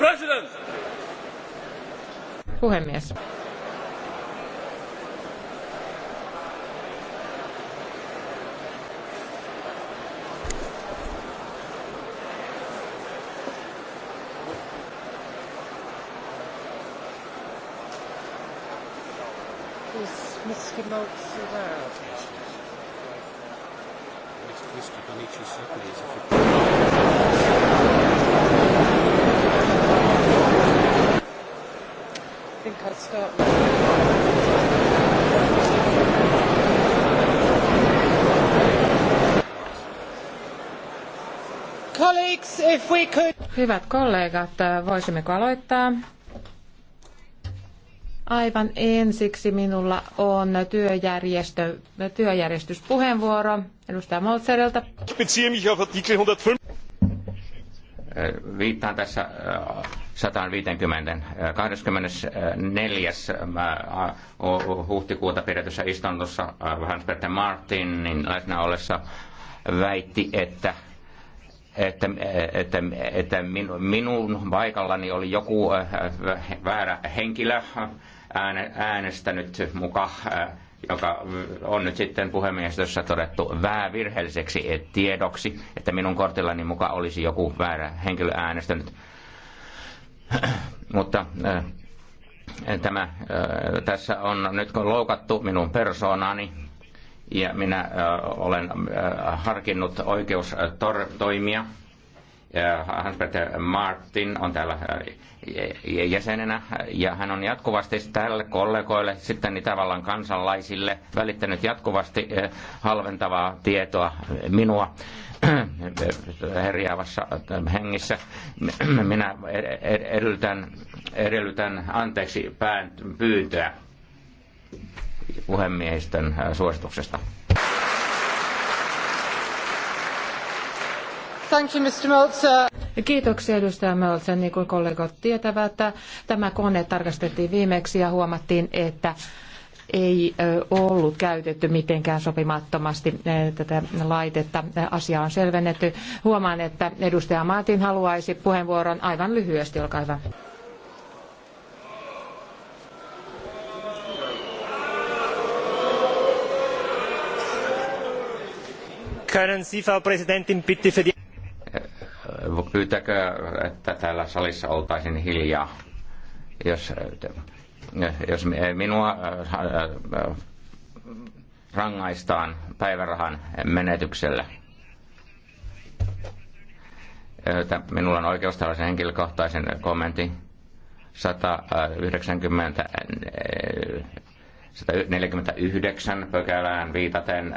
President! Puhemies. Mr. Maltz allowed? Mr. Panici certainly is a Hyvät kollegat, voisimmeko aloittaa? Aivan ensiksi minulla on työjärjestö, työjärjestyspuheenvuoro edustaja Moltserilta. Viittaan tässä äh, 150. Eh, eh, huhtikuuta pidetyssä istunnossa eh, Hans-Peter Martinin läsnä ollessa väitti, että että, että, että minun paikallani oli joku väärä henkilö äänestänyt muka, joka on nyt sitten puhemiestössä todettu väävirheelliseksi tiedoksi, että minun kortillani muka olisi joku väärä henkilö äänestänyt. Mutta äh, tämä, äh, tässä on nyt loukattu minun persoonani ja minä äh, olen harkinnut oikeustoimia. Hans-Peter Martin on täällä jäsenenä ja hän on jatkuvasti tälle kollegoille, sitten Itävallan kansalaisille välittänyt jatkuvasti halventavaa tietoa minua Äh, herjaavassa äh, hengissä. Minä edellytän, edellytän anteeksi pyyntöä puhemiehistön äh, suosituksesta. Thank you, Mr. Meltzer. Kiitoksia edustaja Möltsen. Niin kuin kollegat tietävät, tämä kone tarkastettiin viimeksi ja huomattiin, että ei ollut käytetty mitenkään sopimattomasti tätä laitetta. Asia on selvennetty. Huomaan, että edustaja Martin haluaisi puheenvuoron aivan lyhyesti. Olkaa hyvä. Können Sie, Frau Präsidentin, bitte für die... Pyytäkö, että täällä salissa oltaisiin hiljaa? Jos jos minua äh, äh, rangaistaan päivärahan menetyksellä, minulla on oikeus tällaisen henkilökohtaisen kommentin 190 149 äh, pykälään viitaten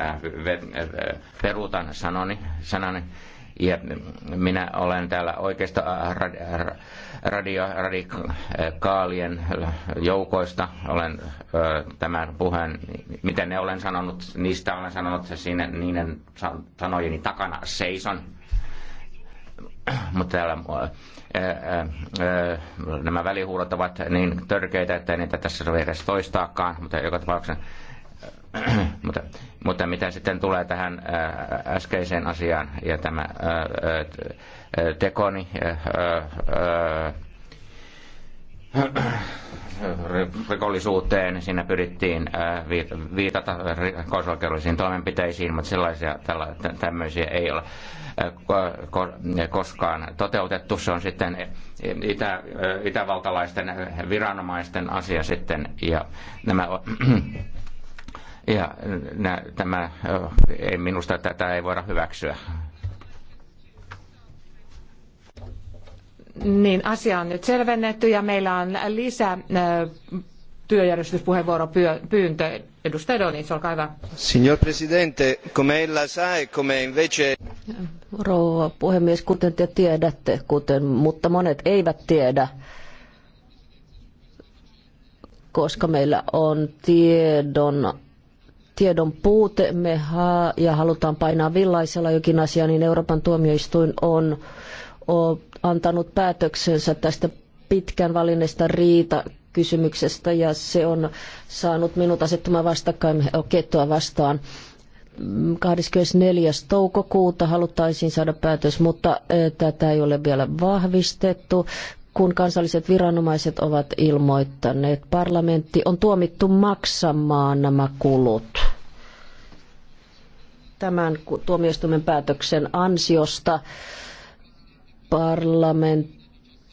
peruutan sanoni, sanani ja minä olen täällä oikeasta äh, radikaalien joukoista. Olen äh, tämän puheen, miten ne olen sanonut, niistä olen sanonut, siinä niiden sanojeni takana seison. Mutta täällä äh, nämä välihuudot ovat niin törkeitä, että niitä tässä ole edes toistaakaan, mutta joka tapauksessa Äh, mutta, mutta mitä sitten tulee tähän äh, äskeiseen asiaan ja tämä äh, tekoni rikollisuuteen. Niin siinä pyrittiin viitata rikosoikeudellisiin toimenpiteisiin, mutta sellaisia tämmöisiä ei ole koskaan toteutettu. Se on sitten itä, itävaltalaisten viranomaisten asia sitten ja nämä Ja nä, tämä, ei minusta tätä ei voida hyväksyä. Niin, asia on nyt selvennetty ja meillä on lisä työjärjestyspuheenvuoropyyntö. Edustaja Donis, olkaa hyvä. Signor Presidente, come ella sa e come invece... Rouva puhemies, kuten te tiedätte, kuten, mutta monet eivät tiedä, koska meillä on tiedon tiedon puute me ha- ja halutaan painaa villaisella jokin asia, niin Euroopan tuomioistuin on, on antanut päätöksensä tästä pitkän valinnesta riita kysymyksestä ja se on saanut minut asettumaan vastakkain kettoa vastaan. 24. toukokuuta haluttaisiin saada päätös, mutta e, tätä ei ole vielä vahvistettu kun kansalliset viranomaiset ovat ilmoittaneet. Parlamentti on tuomittu maksamaan nämä kulut tämän tuomioistuimen päätöksen ansiosta. Parlamentti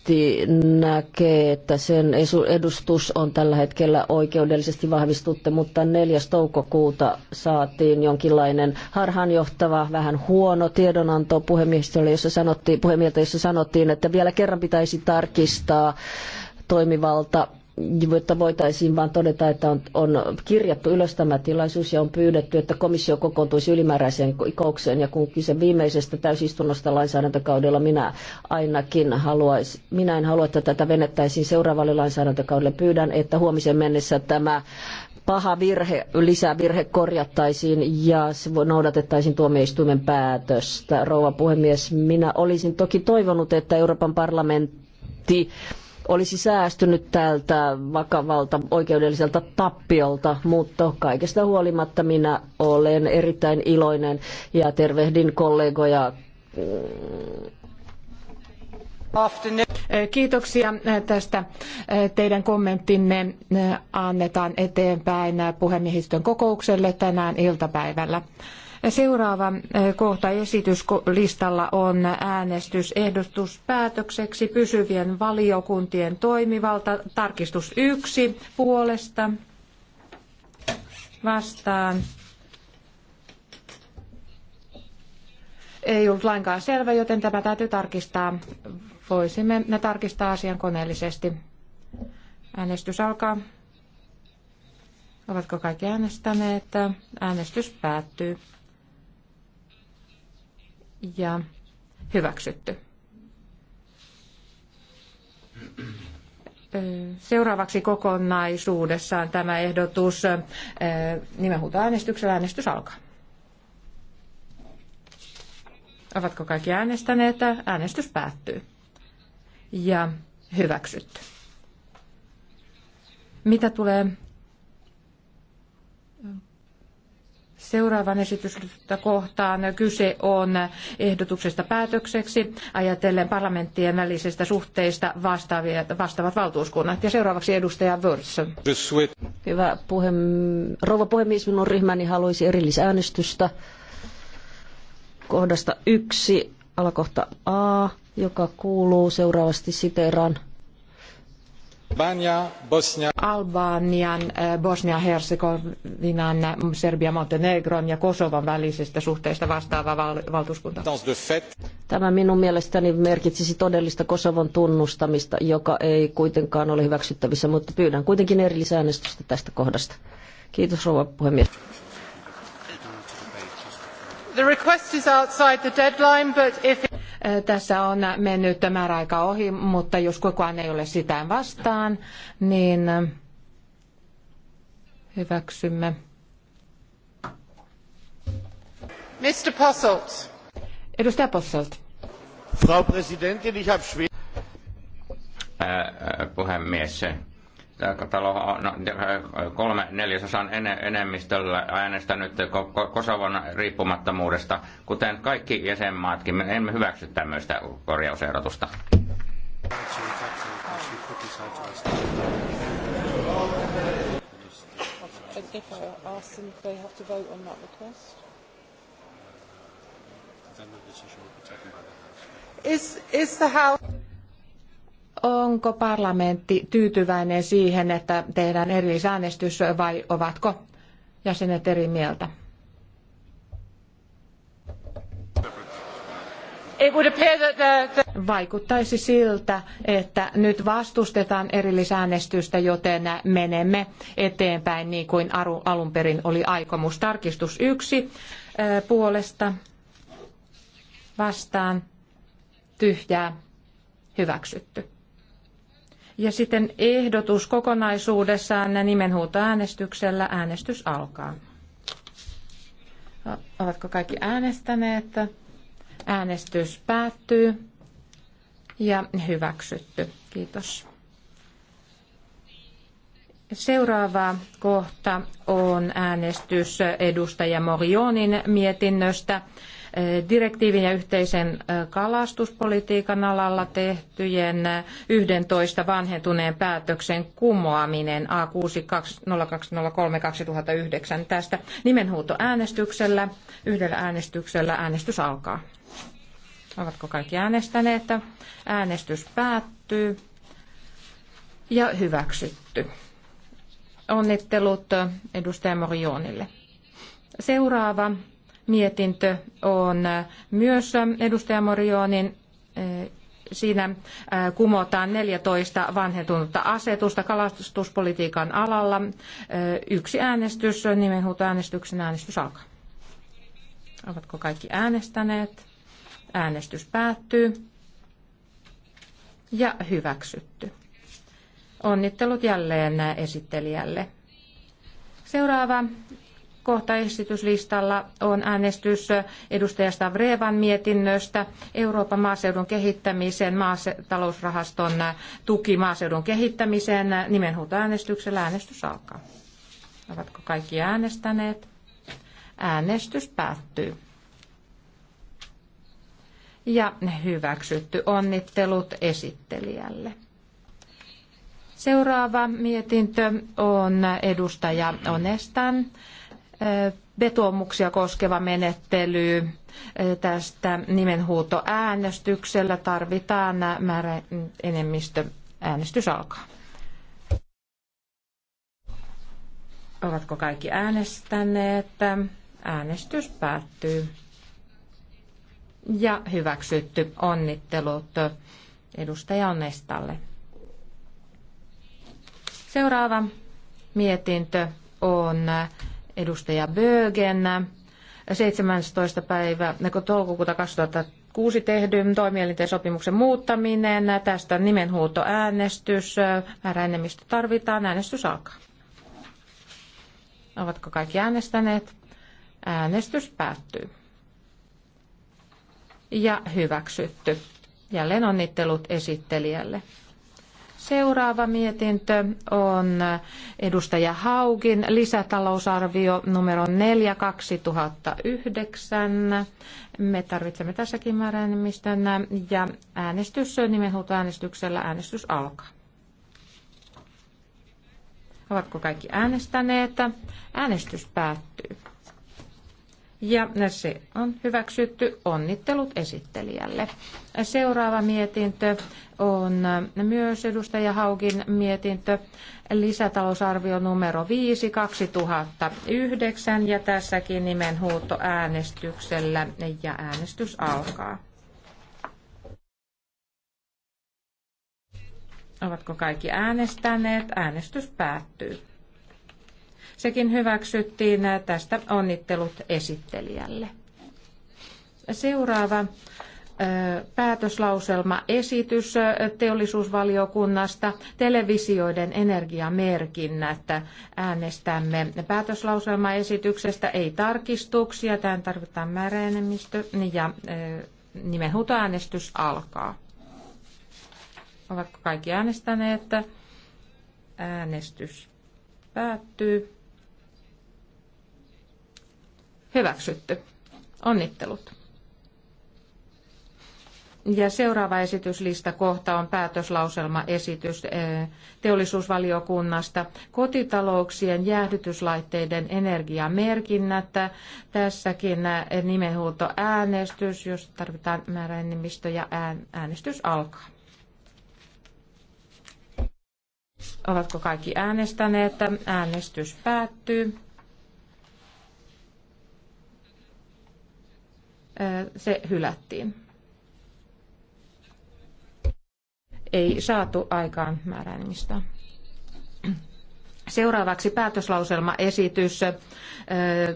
parlamentti näkee, että sen edustus on tällä hetkellä oikeudellisesti vahvistuttu, mutta 4. toukokuuta saatiin jonkinlainen harhaanjohtava, vähän huono tiedonanto puhemiehistölle, jossa sanottiin, jossa sanottiin, että vielä kerran pitäisi tarkistaa toimivalta jotta voitaisiin vain todeta, että on, on kirjattu ylös tämä tilaisuus ja on pyydetty, että komissio kokoontuisi ylimääräiseen kokoukseen. Ja kun kyse viimeisestä täysistunnosta lainsäädäntökaudella, minä ainakin haluaisin, minä en halua, että tätä venettäisiin seuraavalle lainsäädäntökaudelle. Pyydän, että huomisen mennessä tämä paha virhe, lisävirhe korjattaisiin ja se noudatettaisiin tuomioistuimen päätöstä. Rouva puhemies, minä olisin toki toivonut, että Euroopan parlamentti olisi säästynyt tältä vakavalta oikeudelliselta tappiolta, mutta kaikesta huolimatta minä olen erittäin iloinen ja tervehdin kollegoja Kiitoksia tästä teidän kommenttinne. Annetaan eteenpäin puhemiehistön kokoukselle tänään iltapäivällä. Seuraava eh, kohta esityslistalla on äänestys päätökseksi pysyvien valiokuntien toimivalta. Tarkistus yksi puolesta vastaan. Ei ollut lainkaan selvä, joten tämä täytyy tarkistaa. Voisimme ne tarkistaa asian koneellisesti. Äänestys alkaa. Ovatko kaikki äänestäneet? Äänestys päättyy ja hyväksytty. Seuraavaksi kokonaisuudessaan tämä ehdotus äänestyksellä äänestys alkaa. Ovatko kaikki äänestäneet? Äänestys päättyy. Ja hyväksytty. Mitä tulee Seuraavan esitystä kohtaan kyse on ehdotuksesta päätökseksi ajatellen parlamenttien välisistä suhteista vastaavat valtuuskunnat. Ja seuraavaksi edustaja Wörs. Hyvä puhem... rouva puhemies, minun ryhmäni haluaisi erillisäänestystä kohdasta yksi alakohta A, joka kuuluu seuraavasti siteeraan Albania, Bosnia. Albanian, eh, Bosnia-Herzegovinan, Serbia, Montenegron ja Kosovan välisistä suhteista vastaava val- valtuuskunta. Tämä minun mielestäni merkitsisi todellista Kosovon tunnustamista, joka ei kuitenkaan ole hyväksyttävissä, mutta pyydän kuitenkin erillisäänestystä tästä kohdasta. Kiitos rouva puhemies. The request is outside the deadline, but if tässä on mennyt määräaika ohi, mutta jos kukaan ei ole sitä vastaan, niin hyväksymme. Mr. Posselt. Edustaja Posselt. Frau Präsidentin, ich habe Schweden. Äh, äh, puhemies, talo no, kolme neljäsosan enemmistöllä äänestänyt Kosovon riippumattomuudesta, kuten kaikki jäsenmaatkin. Me emme hyväksy tämmöistä korjausehdotusta. Is, is the house... Onko parlamentti tyytyväinen siihen, että tehdään erillisäänestys vai ovatko jäsenet eri mieltä? Vaikuttaisi siltä, että nyt vastustetaan erillisäänestystä, joten menemme eteenpäin niin kuin alun perin oli aikomus. Tarkistus yksi puolesta vastaan tyhjää hyväksytty. Ja sitten ehdotus kokonaisuudessaan nimenhuutoäänestyksellä. Äänestys alkaa. Ovatko kaikki äänestäneet? Äänestys päättyy ja hyväksytty. Kiitos. Seuraava kohta on äänestys edustaja Morionin mietinnöstä direktiivin ja yhteisen kalastuspolitiikan alalla tehtyjen 11 vanhentuneen päätöksen kumoaminen A60203-2009 tästä nimenhuutoäänestyksellä. Yhdellä äänestyksellä äänestys alkaa. Ovatko kaikki äänestäneet? Äänestys päättyy ja hyväksytty. Onnittelut edustaja Morionille. Seuraava mietintö on myös edustaja Morionin eh, Siinä eh, kumotaan 14 vanhentunutta asetusta kalastuspolitiikan alalla. Eh, yksi äänestys, nimenhuutoäänestyksen äänestys alkaa. Ovatko kaikki äänestäneet? Äänestys päättyy. Ja hyväksytty. Onnittelut jälleen esittelijälle. Seuraava kohta esityslistalla on äänestys edustaja Stavrevan mietinnöstä Euroopan maaseudun kehittämisen maatalousrahaston tuki maaseudun kehittämiseen nimenhuutoäänestyksellä äänestys alkaa. Ovatko kaikki äänestäneet? Äänestys päättyy. Ja hyväksytty onnittelut esittelijälle. Seuraava mietintö on edustaja Onestan vetoomuksia koskeva menettely tästä nimenhuutoäänestyksellä tarvitaan määrä enemmistö. Äänestys alkaa. Ovatko kaikki äänestäneet? Äänestys päättyy. Ja hyväksytty. Onnittelut edustaja Onnestalle. Seuraava mietintö on edustaja Bögen 17. päivä toukokuuta 2006 tehdyn toimielinten sopimuksen muuttaminen. Tästä nimenhuuto äänestys, Määräenemmistö tarvitaan. Äänestys alkaa. Ovatko kaikki äänestäneet? Äänestys päättyy. Ja hyväksytty. Jälleen onnittelut esittelijälle. Seuraava mietintö on edustaja Haugin lisätalousarvio numero 4 2009. Me tarvitsemme tässäkin määräenemmistön ja äänestys nimenhuutoäänestyksellä äänestys alkaa. Ovatko kaikki äänestäneet? Äänestys päättyy ja se on hyväksytty. Onnittelut esittelijälle. Seuraava mietintö on myös edustaja Haukin mietintö lisätalousarvio numero 5 2009 ja tässäkin nimenhuuto äänestyksellä ja äänestys alkaa. Ovatko kaikki äänestäneet? Äänestys päättyy. Sekin hyväksyttiin. Tästä onnittelut esittelijälle. Seuraava päätöslauselma esitys teollisuusvaliokunnasta televisioiden energiamerkinnät. Äänestämme päätöslauselma esityksestä ei tarkistuksia, tähän tarvitaan määräenemmistö ja nimenhuutoäänestys alkaa. Ovatko kaikki äänestäneet? Äänestys päättyy. Hyväksytty. Onnittelut. Ja seuraava esityslista kohta on päätöslauselmaesitys eh, teollisuusvaliokunnasta. Kotitalouksien jäähdytyslaitteiden energiamerkinnät. Tässäkin eh, nimenhuuto äänestys, jos tarvitaan määräenemmistö ja äänestys alkaa. Ovatko kaikki äänestäneet? Äänestys päättyy. se hylättiin. Ei saatu aikaan määräenemmistä. Seuraavaksi päätöslauselmaesitys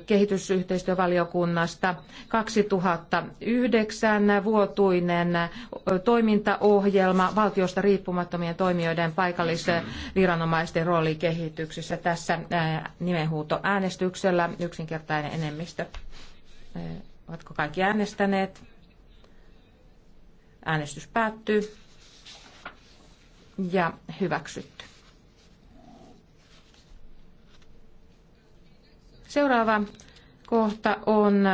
kehitysyhteistyövaliokunnasta 2009 vuotuinen toimintaohjelma valtiosta riippumattomien toimijoiden paikallisviranomaisten rooli kehityksessä. Tässä nimenhuuto äänestyksellä yksinkertainen enemmistö Oletko kaikki äänestäneet? Äänestys päättyy ja hyväksytty. Seuraava kohta on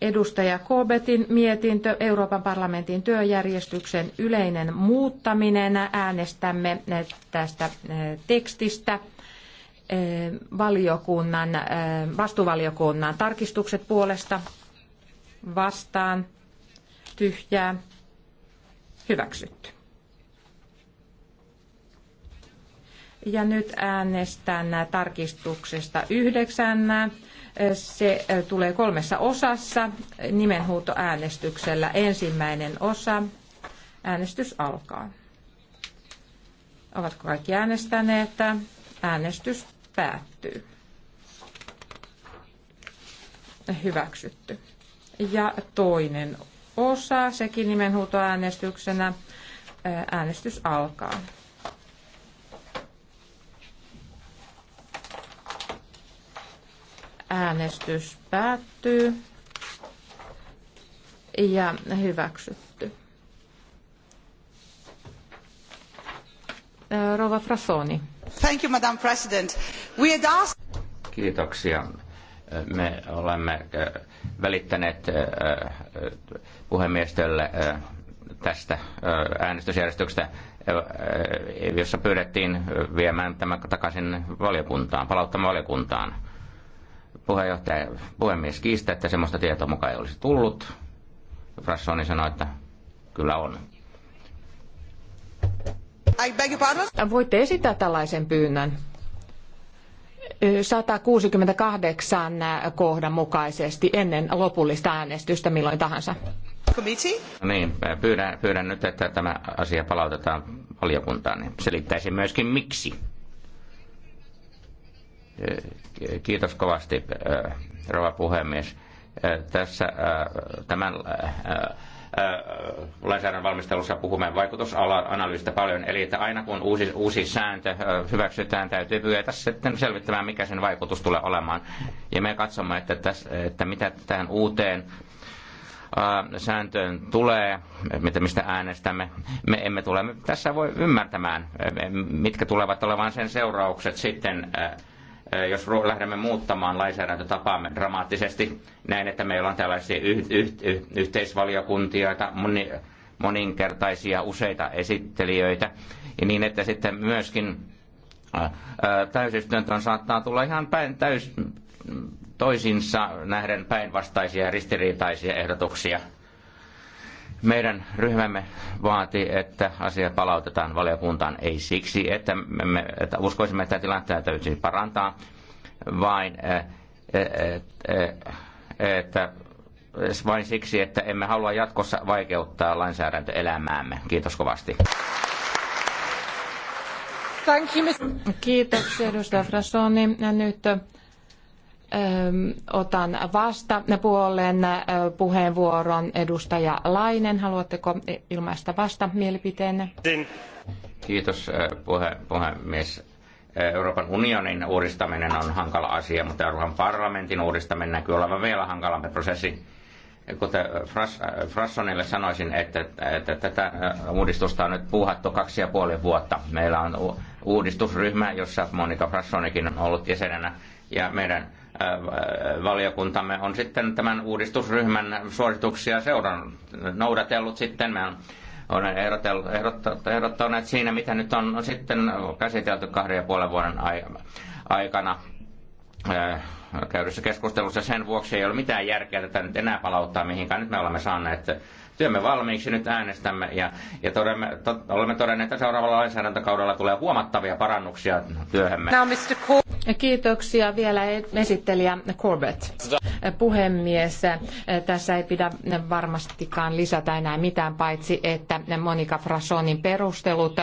edustaja Kobetin mietintö Euroopan parlamentin työjärjestyksen yleinen muuttaminen. Äänestämme tästä eh, tekstistä eh, valiokunnan, eh, vastuvaliokunnan tarkistukset puolesta vastaan tyhjää hyväksytty. Ja nyt äänestän tarkistuksesta yhdeksän. Se tulee kolmessa osassa nimenhuutoäänestyksellä. Ensimmäinen osa. Äänestys alkaa. Ovatko kaikki äänestäneet? Äänestys päättyy. Hyväksytty. Ja toinen osa, sekin nimenhuutoäänestyksenä. Äänestys alkaa. Äänestys päättyy ja hyväksytty. Rova Frasoni. Thank you, Madam President. We had asked... Kiitoksia me olemme äh, välittäneet äh, äh, puhemiestölle tästä äänestysjärjestyksestä, jossa pyydettiin viemään tämä takaisin valiokuntaan, palauttamaan valiokuntaan. Puheenjohtaja, puhemies kiistää, että sellaista tietoa mukaan ei olisi tullut. Frassoni sanoi, että kyllä on. Voitte esittää tällaisen pyynnön. 168 kohdan mukaisesti ennen lopullista äänestystä milloin tahansa. Committee? No niin, pyydän, pyydän nyt, että tämä asia palautetaan valiokuntaan, niin selittäisin myöskin miksi. Kiitos kovasti, rouva puhemies. Tässä tämän lainsäädännön valmistelussa puhumme vaikutusalan analyysistä paljon, eli että aina kun uusi, uusi sääntö hyväksytään, täytyy pyytää sitten selvittämään, mikä sen vaikutus tulee olemaan. Ja me katsomme, että, täs, että mitä tähän uuteen sääntöön tulee, mitä, mistä äänestämme, me emme tule tässä voi ymmärtämään, mitkä tulevat olemaan sen seuraukset sitten Äh, jos lähdemme muuttamaan lainsäädäntötapaamme dramaattisesti näin, että meillä on tällaisia yh, yh, yh, yhteisvaliokuntia, moni, moninkertaisia useita esittelijöitä, ja niin että sitten myöskin äh, äh, täysistuntoon saattaa tulla ihan päin täys, toisinsa nähden päinvastaisia ja ristiriitaisia ehdotuksia meidän ryhmämme vaati, että asia palautetaan valiokuntaan ei siksi, että, me, että uskoisimme, että tilannetta täytyy parantaa, vain että vain siksi, että emme halua jatkossa vaikeuttaa lainsäädäntöelämäämme. Kiitos kovasti. Kiitoksia edustaja Frasoni. nyt otan vastapuolen puheenvuoron. Edustaja Lainen, haluatteko ilmaista vasta mielipiteenne? Kiitos puhe, puhemies. Euroopan unionin uudistaminen on hankala asia, mutta Euroopan parlamentin uudistaminen näkyy olevan vielä hankalampi prosessi. Kuten Frassonille sanoisin, että, että tätä uudistusta on nyt puuhattu kaksi ja puoli vuotta. Meillä on uudistusryhmä, jossa Monika Frassonikin on ollut jäsenenä, ja meidän valiokuntamme on sitten tämän uudistusryhmän suosituksia seurannut, noudatellut sitten. Me on ehdottaneet siinä, mitä nyt on sitten käsitelty kahden ja puolen vuoden aikana käydyssä keskustelussa. Sen vuoksi ei ole mitään järkeä tätä nyt enää palauttaa mihinkään. Nyt me olemme saaneet työmme valmiiksi, nyt äänestämme ja, ja todemme, to, olemme todenneet, että seuraavalla lainsäädäntökaudella tulee huomattavia parannuksia työhemme. Now, Mr. Cor- Kiitoksia vielä esittelijä Corbett. Puhemies, tässä ei pidä varmastikaan lisätä enää mitään, paitsi että Monika Frasonin perustelut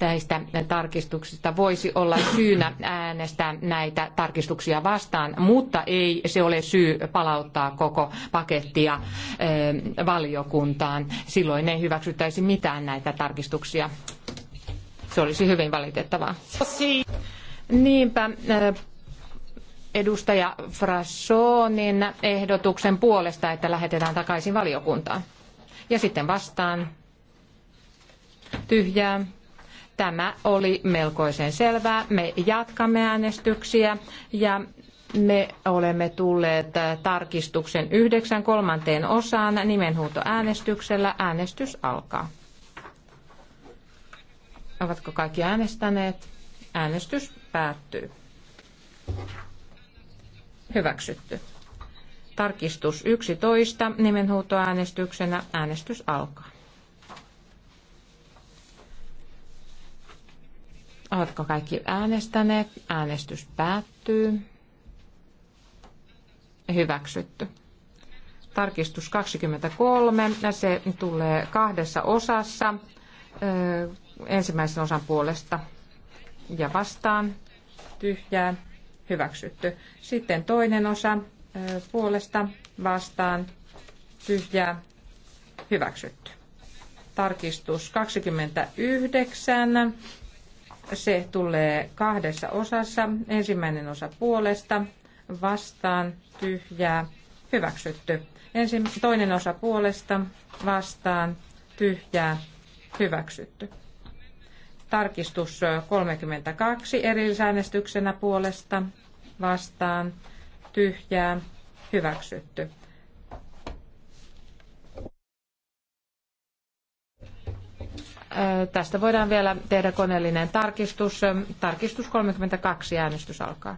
näistä tarkistuksista voisi olla syynä äänestää näitä tarkistuksia vastaan, mutta ei se ole syy palauttaa koko pakettia eh, valiokuntaan suuntaan. Silloin ei hyväksyttäisi mitään näitä tarkistuksia. Se olisi hyvin valitettavaa. Niinpä eh, edustaja Frasonin ehdotuksen puolesta, että lähetetään takaisin valiokuntaan. Ja sitten vastaan tyhjää. Tämä oli melkoisen selvää. Me jatkamme äänestyksiä ja me olemme tulleet tarkistuksen yhdeksän kolmanteen osaan nimenhuuto äänestyksellä. Äänestys alkaa. Ovatko kaikki äänestäneet? Äänestys päättyy. Hyväksytty. Tarkistus 11 nimenhuutoäänestyksenä. Äänestys alkaa. Oletko kaikki äänestäneet? Äänestys päättyy hyväksytty. Tarkistus 23, se tulee kahdessa osassa. Ensimmäisen osan puolesta ja vastaan tyhjää hyväksytty. Sitten toinen osa puolesta vastaan tyhjää hyväksytty. Tarkistus 29. Se tulee kahdessa osassa. Ensimmäinen osa puolesta vastaan tyhjää hyväksytty. Ensin toinen osa puolesta vastaan tyhjää hyväksytty. Tarkistus 32 erillisäänestyksenä puolesta vastaan tyhjää hyväksytty. Tästä voidaan vielä tehdä koneellinen tarkistus. Tarkistus 32 äänestys alkaa.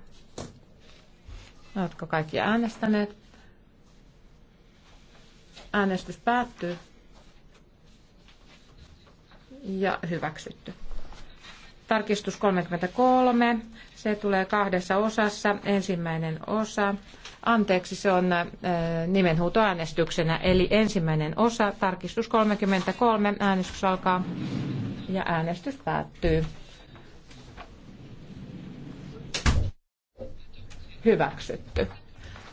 Oletko kaikki äänestäneet? Äänestys päättyy. Ja hyväksytty. Tarkistus 33. Se tulee kahdessa osassa. Ensimmäinen osa. Anteeksi, se on äh, nimenhuutoäänestyksenä. Eli ensimmäinen osa, tarkistus 33. Äänestys alkaa ja äänestys päättyy. hyväksytty.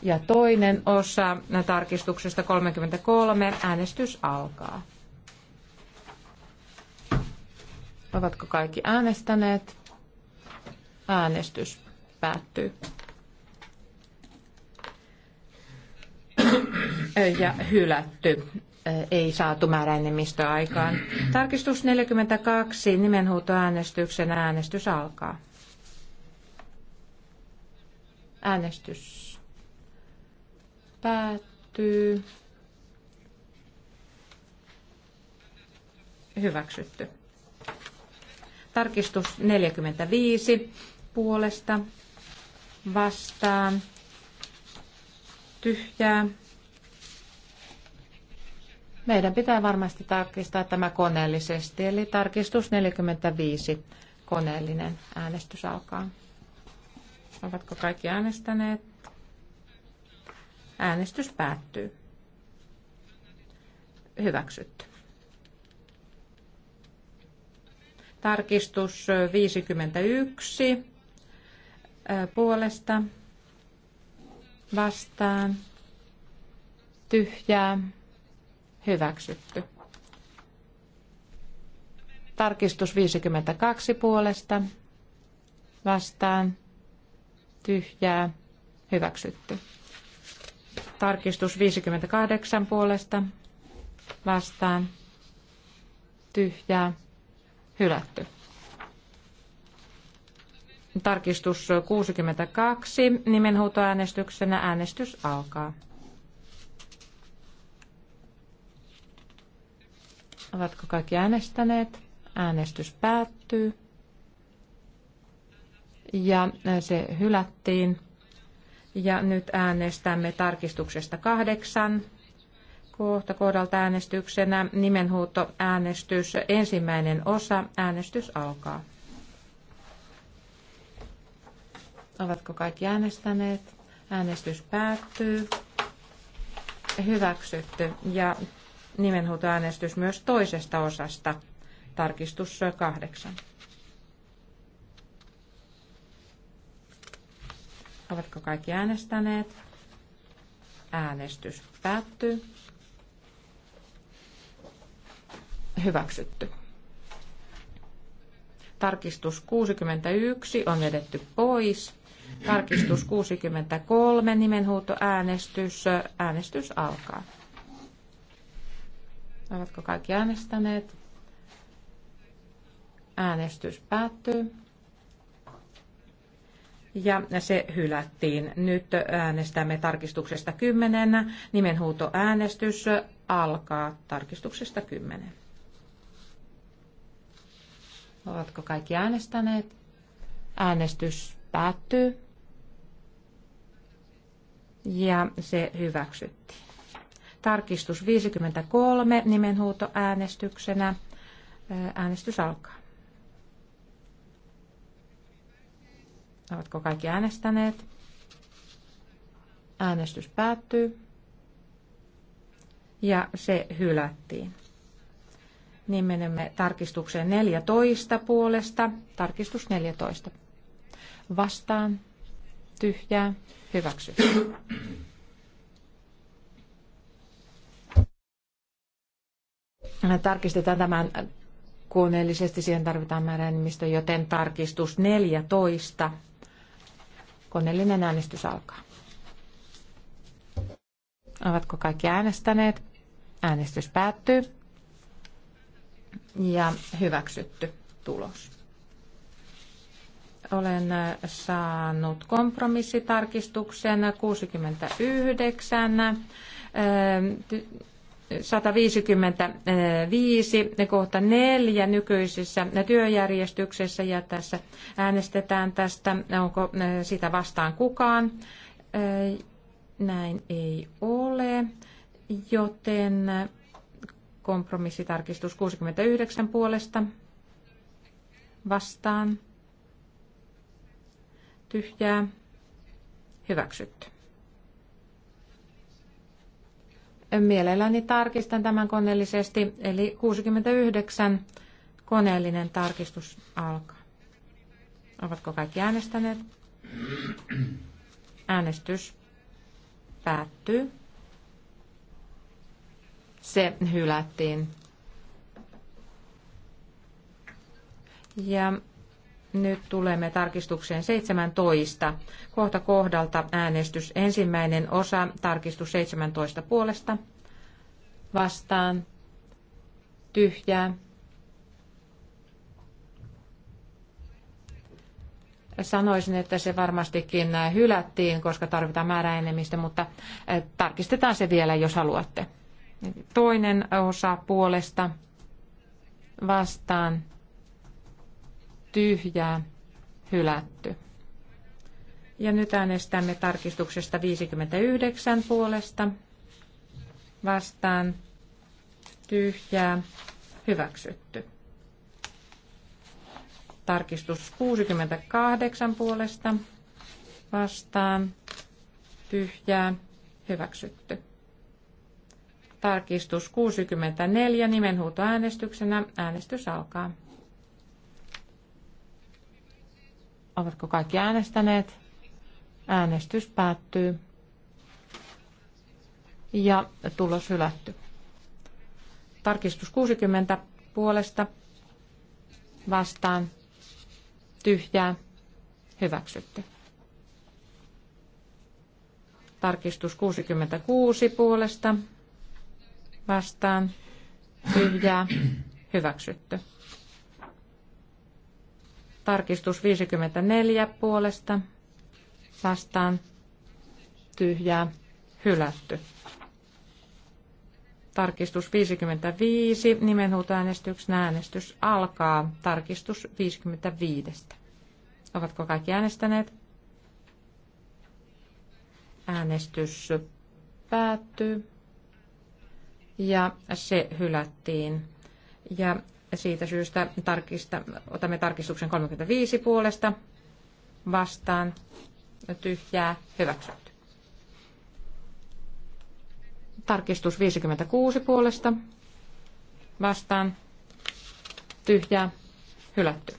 Ja toinen osa tarkistuksesta 33, äänestys alkaa. Ovatko kaikki äänestäneet? Äänestys päättyy. Ja hylätty. Ei saatu määräenemmistöä aikaan. Tarkistus 42, nimenhuutoäänestyksen äänestys alkaa. Äänestys päättyy. Hyväksytty. Tarkistus 45 puolesta vastaan tyhjää. Meidän pitää varmasti tarkistaa tämä koneellisesti, eli tarkistus 45, koneellinen äänestys alkaa. Ovatko kaikki äänestäneet? Äänestys päättyy. Hyväksytty. Tarkistus 51 puolesta vastaan tyhjää hyväksytty. Tarkistus 52 puolesta vastaan tyhjää, hyväksytty. Tarkistus 58 puolesta vastaan, tyhjää, hylätty. Tarkistus 62 nimenhuutoäänestyksenä äänestys alkaa. Ovatko kaikki äänestäneet? Äänestys päättyy ja se hylättiin. Ja nyt äänestämme tarkistuksesta kahdeksan. Kohta kohdalta äänestyksenä nimenhuuto äänestys ensimmäinen osa. Äänestys alkaa. Ovatko kaikki äänestäneet? Äänestys päättyy. Hyväksytty. Ja nimenhuutoäänestys myös toisesta osasta. Tarkistus kahdeksan. Ovatko kaikki äänestäneet? Äänestys päättyy. Hyväksytty. Tarkistus 61 on vedetty pois. Tarkistus 63, nimenhuutoäänestys. Äänestys alkaa. Ovatko kaikki äänestäneet? Äänestys päättyy ja se hylättiin. Nyt äänestämme tarkistuksesta 10. Nimenhuutoäänestys alkaa tarkistuksesta 10. Ovatko kaikki äänestäneet? Äänestys päättyy. Ja se hyväksyttiin. Tarkistus 53 nimenhuutoäänestyksenä. Äänestys alkaa. Ovatko kaikki äänestäneet? Äänestys päättyy. Ja se hylättiin. Niin menemme tarkistukseen 14 puolesta. Tarkistus 14. Vastaan. Tyhjää. Hyväksy. Tarkistetaan tämän koneellisesti. Siihen tarvitaan määräenemmistö, joten tarkistus 14 Koneellinen äänestys alkaa. Ovatko kaikki äänestäneet? Äänestys päättyy. Ja hyväksytty tulos. Olen saanut kompromissitarkistuksen 69 155 kohta 4 nykyisessä työjärjestyksessä ja tässä äänestetään tästä, onko äh, sitä vastaan kukaan. Äh, näin ei ole, joten kompromissitarkistus 69 puolesta vastaan tyhjää hyväksytty. Mielelläni tarkistan tämän koneellisesti, eli 69 koneellinen tarkistus alkaa. Ovatko kaikki äänestäneet? Äänestys päättyy. Se hylättiin. Ja nyt tulemme tarkistukseen 17. Kohta kohdalta äänestys. Ensimmäinen osa, tarkistus 17 puolesta. Vastaan. Tyhjää. Sanoisin, että se varmastikin hylättiin, koska tarvitaan määräenemmistö, mutta eh, tarkistetaan se vielä, jos haluatte. Toinen osa puolesta vastaan tyhjää, hylätty. Ja nyt äänestämme tarkistuksesta 59 puolesta vastaan tyhjää hyväksytty. Tarkistus 68 puolesta vastaan tyhjää hyväksytty. Tarkistus 64 nimenhuutoäänestyksenä. Äänestys alkaa. Ovatko kaikki äänestäneet? Äänestys päättyy. Ja tulos hylätty. Tarkistus 60 puolesta vastaan tyhjää hyväksytty. Tarkistus 66 puolesta vastaan tyhjää hyväksytty. Tarkistus 54 puolesta vastaan tyhjää hylätty. Tarkistus 55, nimenhuutoäänestyksen äänestys alkaa. Tarkistus 55. Ovatko kaikki äänestäneet? Äänestys päättyy ja se hylättiin. Ja siitä syystä tarkista, otamme tarkistuksen 35 puolesta vastaan tyhjää hyväksytty. Tarkistus 56 puolesta vastaan tyhjää hylätty.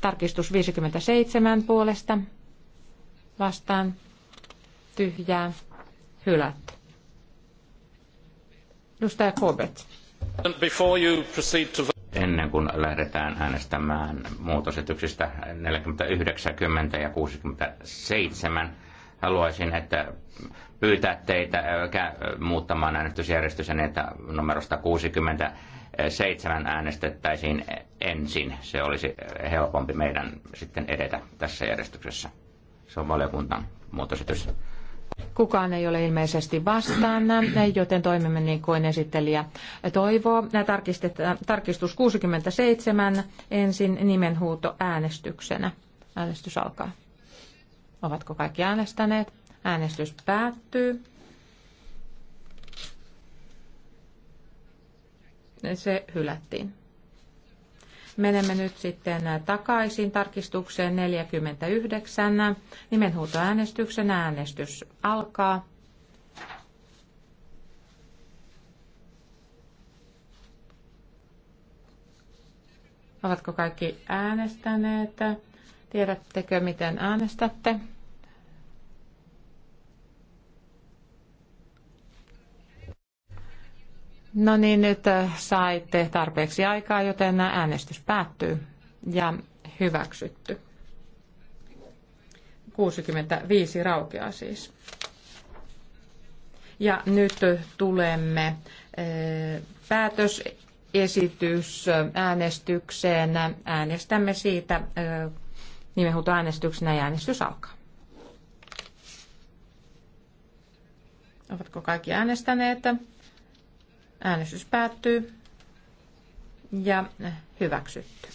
Tarkistus 57 puolesta vastaan tyhjää hylätty. Edustaja Kobet. Ennen kuin lähdetään äänestämään muutosetyksistä 4090 ja 67, haluaisin, että pyytää teitä muuttamaan äänestysjärjestystä niin, että numerosta seitsemän äänestettäisiin ensin. Se olisi helpompi meidän sitten edetä tässä järjestyksessä. Se on valiokunnan muutosesitys. Kukaan ei ole ilmeisesti vastaan, joten toimimme niin kuin esittelijä toivoo. Tarkistus 67 ensin nimenhuuto äänestyksenä. Äänestys alkaa. Ovatko kaikki äänestäneet? Äänestys päättyy. Se hylättiin. Menemme nyt sitten takaisin tarkistukseen 49. Nimenhuutoäänestyksen äänestys alkaa. Ovatko kaikki äänestäneet? Tiedättekö, miten äänestätte? No niin, nyt äh, saitte tarpeeksi aikaa, joten äänestys päättyy ja hyväksytty. 65 raukeaa siis. Ja nyt tulemme äh, päätösesitysäänestykseen. Äh, Äänestämme siitä nimenhuutoäänestyksenä ja äänestys alkaa. Ovatko kaikki äänestäneet? Äänestys päättyy ja äh, hyväksytty.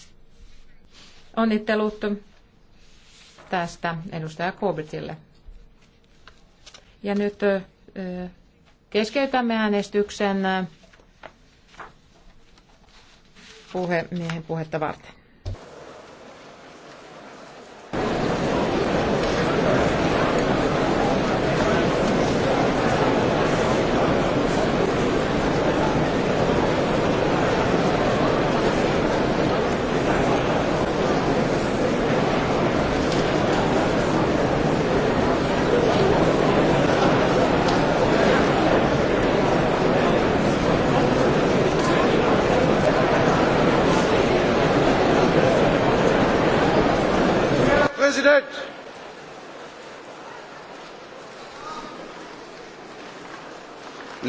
Onnittelut tästä edustaja Kobritille. Ja nyt äh, keskeytämme äänestyksen äh, puhemiehen puhetta varten.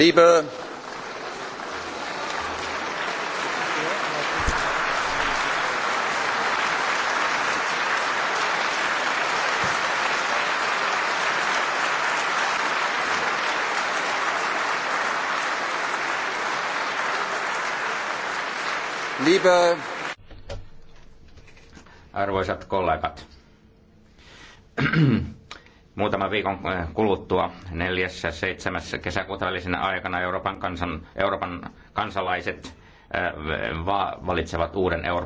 Liebe Liebe Arvoisat kollegat, muutaman viikon eh, kuluttua 4. 7. kesäkuuta välisenä aikana Euroopan, kansan, Euroopan kansalaiset eh, valitsevat uuden Euroopan